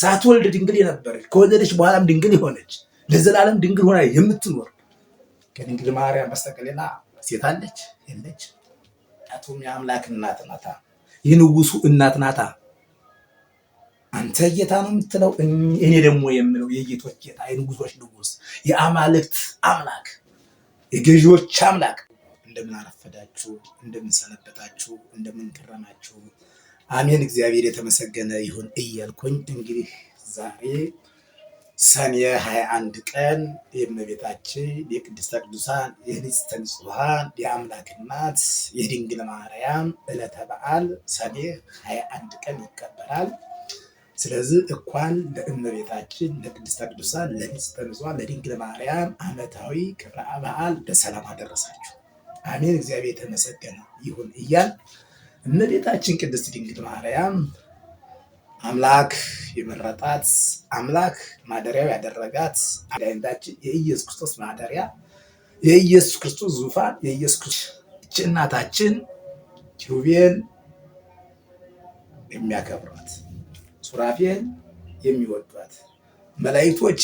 ሳትወልድ ድንግል የነበረች ከወለደች በኋላም ድንግል የሆነች ለዘላለም ድንግል ሆና የምትኖር ከድንግል ማርያም በስተቀር ሌላ ሴት አለች የለች? ቱም የአምላክ እናት ናታ፣ የንጉሱ እናት ናታ። አንተ ጌታ ነው የምትለው፣ እኔ ደግሞ የምለው የጌቶች ጌታ፣ የንጉሶች ንጉስ፣ የአማልክት አምላክ፣ የገዢዎች አምላክ። እንደምን አረፈዳችሁ፣ እንደምን ሰነበታችሁ፣ እንደምን ከረማችሁ አሜን። እግዚአብሔር የተመሰገነ ይሁን እያልኩኝ እንግዲህ ዛሬ ሰኔ 21 ቀን የእመቤታችን የቅድስተ ቅዱሳን የንጽሕተ ንጹሐን የአምላክ እናት የድንግል ማርያም ዕለተ በዓል ሰኔ 21 ቀን ይከበራል። ስለዚህ እንኳን ለእመቤታችን ለቅድስተ ቅዱሳን ለንጽሕተ ንጹሐን ለድንግል ማርያም ዓመታዊ ክብረ በዓል በሰላም አደረሳችሁ። አሜን። እግዚአብሔር የተመሰገነ ይሁን እያል እመቤታችን ቅድስት ድንግል ማርያም አምላክ የመረጣት አምላክ ማደሪያው ያደረጋት ዳይነታችን የኢየሱስ ክርስቶስ ማደሪያ የኢየሱስ ክርስቶስ ዙፋን የኢየሱስ ክርስቶስ እናታችን ኪሩቤል የሚያከብሯት ሱራፌል የሚወዷት መላእክቶች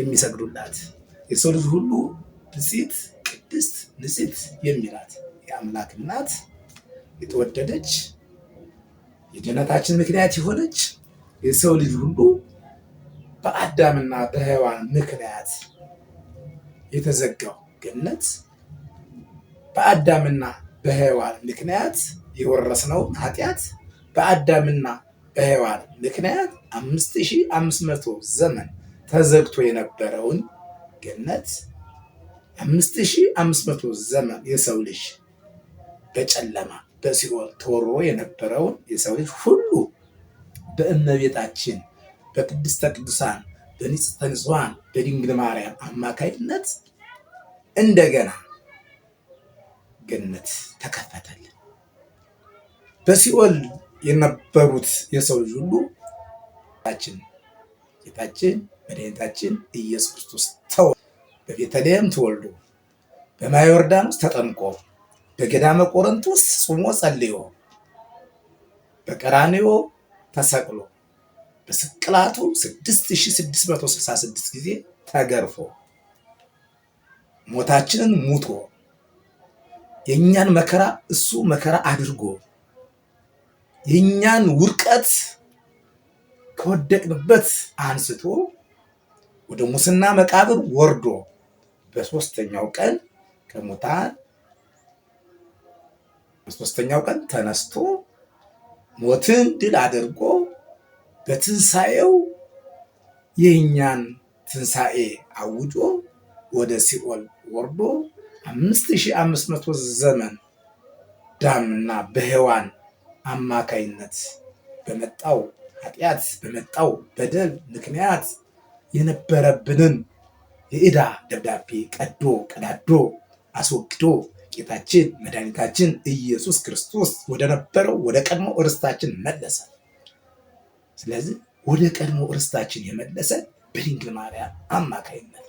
የሚሰግዱላት የሰው ልጅ ሁሉ ብፅዕት ቅድስት ንጽሕት የሚላት የአምላክ እናት የተወደደች የድኅነታችን ምክንያት የሆነች የሰው ልጅ ሁሉ በአዳምና በሔዋን ምክንያት የተዘጋው ገነት በአዳምና በሔዋን ምክንያት የወረስነውን ኃጢአት በአዳምና በሔዋን ምክንያት አምስት ሺህ አምስት መቶ ዘመን ተዘግቶ የነበረውን ገነት አምስት ሺህ አምስት መቶ ዘመን የሰው ልጅ በጨለማ በሲኦል ተወሮ የነበረውን የሰው ልጅ ሁሉ በእመቤታችን በቅድስተ ቅዱሳን በንጽሕተ ንጹሐን በድንግል ማርያም አማካይነት እንደገና ገነት ተከፈተልን። በሲኦል የነበሩት የሰው ልጅ ሁሉ ጌታችን ጌታችን መድኃኒታችን ኢየሱስ ክርስቶስ ተወ በቤተልሔም ተወልዶ በማየ ዮርዳኖስ ተጠምቆ በገዳመ ቆሮንቶስ ጾሞ ጸልዮ በቀራንዮ ተሰቅሎ በስቅላቱ 6666 ጊዜ ተገርፎ ሞታችንን ሙቶ የእኛን መከራ እሱ መከራ አድርጎ የእኛን ውርቀት ከወደቅንበት አንስቶ ወደ ሙስና መቃብር ወርዶ በሶስተኛው ቀን ከሙታን በሶስተኛው ቀን ተነስቶ ሞትን ድል አድርጎ በትንሣኤው የእኛን ትንሣኤ አውጆ ወደ ሲኦል ወርዶ አምስት ሺህ አምስት መቶ ዘመን ዳምና በሔዋን አማካይነት በመጣው ኃጢአት በመጣው በደል ምክንያት የነበረብንን የዕዳ ደብዳቤ ቀዶ ቀዳዶ አስወግዶ ጌታችን መድኃኒታችን ኢየሱስ ክርስቶስ ወደ ነበረው ወደ ቀድሞ እርስታችን መለሰ። ስለዚህ ወደ ቀድሞ እርስታችን የመለሰ በድንግል ማርያም አማካይነት።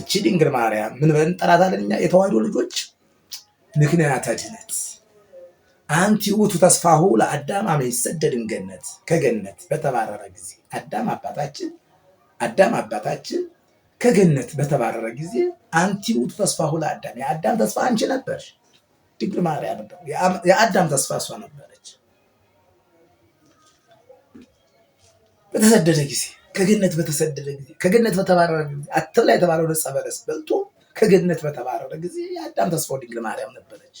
እቺ ድንግል ማርያም ምን ብለን እንጠራታለን እኛ የተዋሕዶ ልጆች? ምክንያተ ድነት አንቲ ውእቱ ተስፋሁ ለአዳም አመ ይሰደድ እምገነት ከገነት በተባረረ ጊዜ አዳም አባታችን አዳም አባታችን ከገነት በተባረረ ጊዜ አንቲ ውእቱ ተስፋሁ አዳም፣ የአዳም ተስፋ አንቺ ነበርሽ። ድንግል ማርያም የአዳም ተስፋ እሷ ነበረች። በተሰደደ ጊዜ ከገነት በተሰደደ ጊዜ ከገነት በተባረረ ጊዜ አትብላ የተባለው ዕፀ በለስ በልቶ ከገነት በተባረረ ጊዜ የአዳም ተስፋው ድንግል ማርያም ነበረች።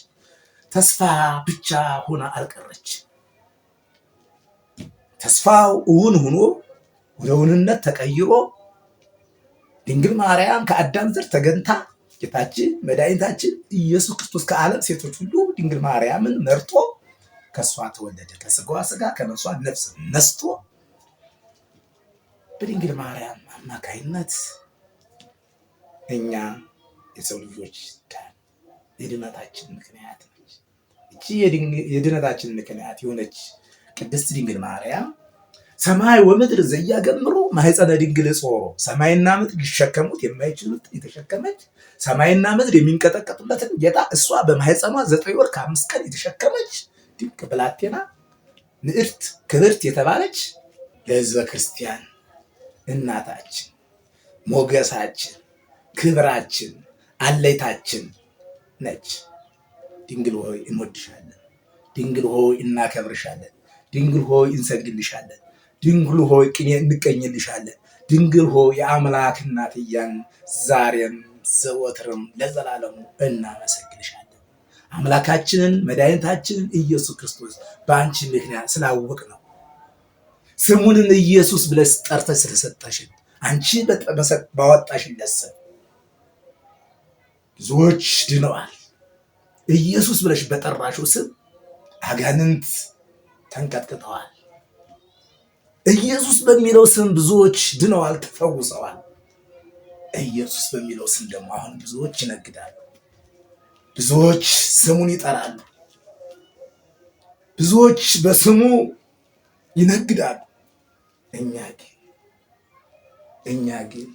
ተስፋ ብቻ ሆና አልቀረች። ተስፋው እውን ሆኖ ወደ እውንነት ተቀይሮ ድንግል ማርያም ከአዳም ዘር ተገንታ ጌታችን መድኃኒታችን ኢየሱስ ክርስቶስ ከዓለም ሴቶች ሁሉ ድንግል ማርያምን መርጦ ከእሷ ተወለደ። ከስጋዋ ስጋ ከመሷ ነፍስ ነስቶ በድንግል ማርያም አማካይነት እኛ የሰው ልጆች የድነታችን ምክንያት ነች። እቺ የድነታችን ምክንያት የሆነች ቅድስት ድንግል ማርያም ሰማይ ወምድር ዘያገምሩ ማህፀነ ድንግል ጾሮ ሰማይና ምድር ሊሸከሙት የማይችሉት የተሸከመች ሰማይና ምድር የሚንቀጠቀጡበትን ጌታ እሷ በማህፀኗ ዘጠኝ ወር ከአምስት ቀን የተሸከመች ድንቅ ብላቴና ንዕርት ክብርት የተባለች ለህዝበ ክርስቲያን እናታችን፣ ሞገሳችን፣ ክብራችን፣ አለይታችን ነች። ድንግል ሆይ እንወድሻለን። ድንግል ሆይ እናከብርሻለን። ድንግል ሆይ እንሰግድልሻለን። ድንግል ሆይ ቅኔ እንቀኝልሻለን። ድንግል ሆይ የአምላክ እናት ዛሬም ዘወትርም ለዘላለሙ እናመሰግንሻለን። አምላካችንን መድኃኒታችንን ኢየሱስ ክርስቶስ በአንቺ ምክንያት ስላወቅ ነው ስሙንን ኢየሱስ ብለስ ጠርተሽ ስለሰጠሽን አንቺ ባወጣሽለት ስም ብዙዎች ድነዋል። ኢየሱስ ብለሽ በጠራሽው ስም አጋንንት ተንቀጥቅጠዋል። ኢየሱስ በሚለው ስም ብዙዎች ድነዋል፣ ተፈውሰዋል። ኢየሱስ በሚለው ስም ደግሞ አሁን ብዙዎች ይነግዳሉ፣ ብዙዎች ስሙን ይጠራሉ፣ ብዙዎች በስሙ ይነግዳሉ። እኛ ግን እኛ ግን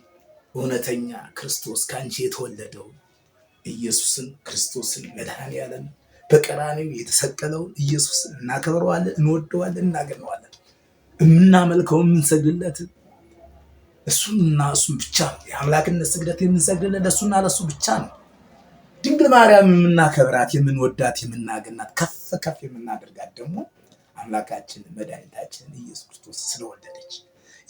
እውነተኛ ክርስቶስ ከአንቺ የተወለደው ኢየሱስን ክርስቶስን መድኃኔ ዓለም በቀራንዮ የተሰቀለውን ኢየሱስን እናከብረዋለን፣ እንወደዋለን፣ እናገነዋለን። የምናመልከው የምንሰግድለት እሱና እሱን ብቻ ነው። የአምላክነት ስግደት የምንሰግድለት እሱና ለእሱ ብቻ ነው። ድንግል ማርያም የምናከብራት የምንወዳት የምናገናት ከፍ ከፍ የምናደርጋት ደግሞ አምላካችን መድኃኒታችን ኢየሱስ ክርስቶስ ስለወለደች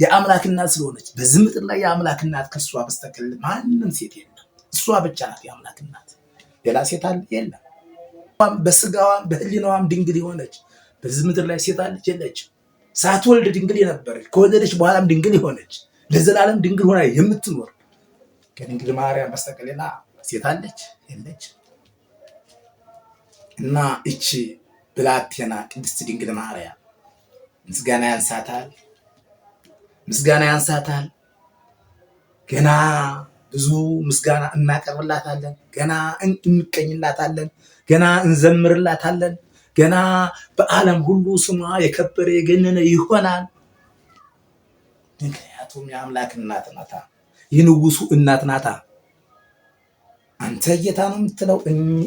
የአምላክናት ስለሆነች በዚህ ምድር ላይ የአምላክናት ከእሷ በስተቀር ማንም ሴት የለም። እሷ ብቻ ናት የአምላክናት፣ ሌላ ሴት አለ የለም። በስጋዋም በህሊናዋም ድንግል የሆነች በዚህ ምድር ላይ ሴት አለች የለችም። ሳትወልድ ድንግል የነበረች ከወለደች በኋላም ድንግል የሆነች ለዘላለም ድንግል ሆና የምትኖር ከድንግል ማርያም በስተቀር ሌላ ሴት አለች የለች? እና እቺ ብላቴና ቅድስት ድንግል ማርያም ምስጋና ያንሳታል፣ ምስጋና ያንሳታል። ገና ብዙ ምስጋና እናቀርብላታለን፣ ገና እንቀኝላታለን፣ ገና እንዘምርላታለን። ገና በዓለም ሁሉ ስሟ የከበረ የገነነ ይሆናል። ምክንያቱም የአምላክ እናት ናታ፣ የንጉሱ እናት ናታ። አንተ ጌታ ነው የምትለው፣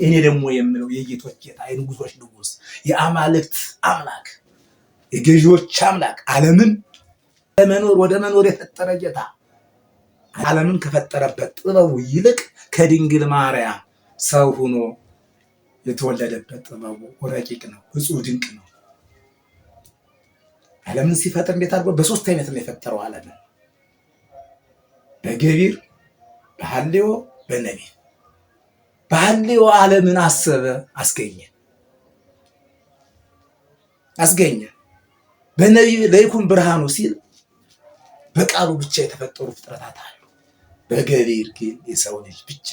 እኔ ደግሞ የምለው የጌቶች ጌታ፣ የንጉሶች ንጉስ፣ የአማልክት አምላክ፣ የገዢዎች አምላክ፣ ዓለምን ለመኖር ወደ መኖር የፈጠረ ጌታ ዓለምን ከፈጠረበት ጥበቡ ይልቅ ከድንግል ማርያም ሰው ሁኖ የተወለደበት ጥበቡ ረቂቅ ነው፣ እጹ ድንቅ ነው። ዓለምን ሲፈጥር እንዴት አድርጎ በሶስት አይነት ነው የፈጠረው ዓለምን በገቢር በሐልዮ በነቢ በሐልዮ ዓለምን አሰበ አስገኘ አስገኘ በነቢ ለይኩን ብርሃኑ ሲል በቃሉ ብቻ የተፈጠሩ ፍጥረታት አሉ። በገቢር ግን የሰው ልጅ ብቻ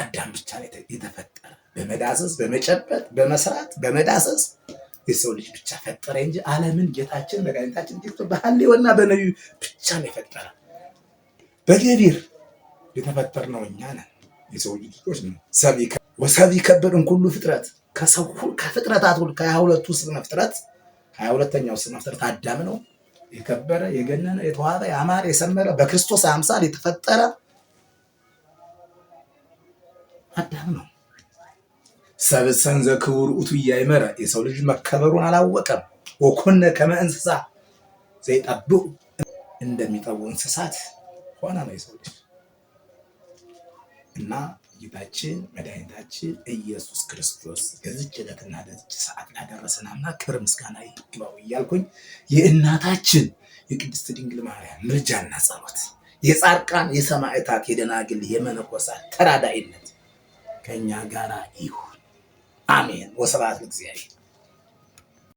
አዳም ብቻ የተፈጠረ በመዳሰስ በመጨበጥ በመስራት በመዳሰስ የሰው ልጅ ብቻ ፈጠረ እንጂ ዓለምን ጌታችን መድኃኒታችን ጌቶ በሐሌዋና በነቢዩ ብቻ ነው የፈጠረ። በገቢር የተፈጠርነው እኛ ነን፣ የሰው ልጆች ነው። ወሰብ ይከብርን ሁሉ ፍጥረት ከሰው ከፍጥረታት ሁሉ ከሀያ ሁለቱ ስነ ፍጥረት ሀያ ሁለተኛው ስነ ፍጥረት አዳም ነው። የከበረ የገነነ የተዋበ የአማረ የሰመረ በክርስቶስ አምሳል የተፈጠረ አዳም ነው። ሰብእሰን ዘክቡር ውእቱ ኢያእመረ፣ የሰው ልጅ መከበሩን አላወቀም። ወኮነ ከመ እንስሳ ዘይጠብቁ፣ እንደሚጠቡ እንስሳት ሆነ ነው የሰው ልጅ እና ጌታችን መድኃኒታችን ኢየሱስ ክርስቶስ ለዚች ዕለትና ለዚች ሰዓት ላደረሰን አምላክ ክብር ምስጋና ይግባው እያልኩኝ የእናታችን የቅድስት ድንግል ማርያም ምልጃና ጸሎት የጻድቃን የሰማዕታት የደናግል የመነኮሳት ተራዳይነት ከእኛ ጋር ይሁን። አሜን። ወስብሐት ለእግዚአብሔር።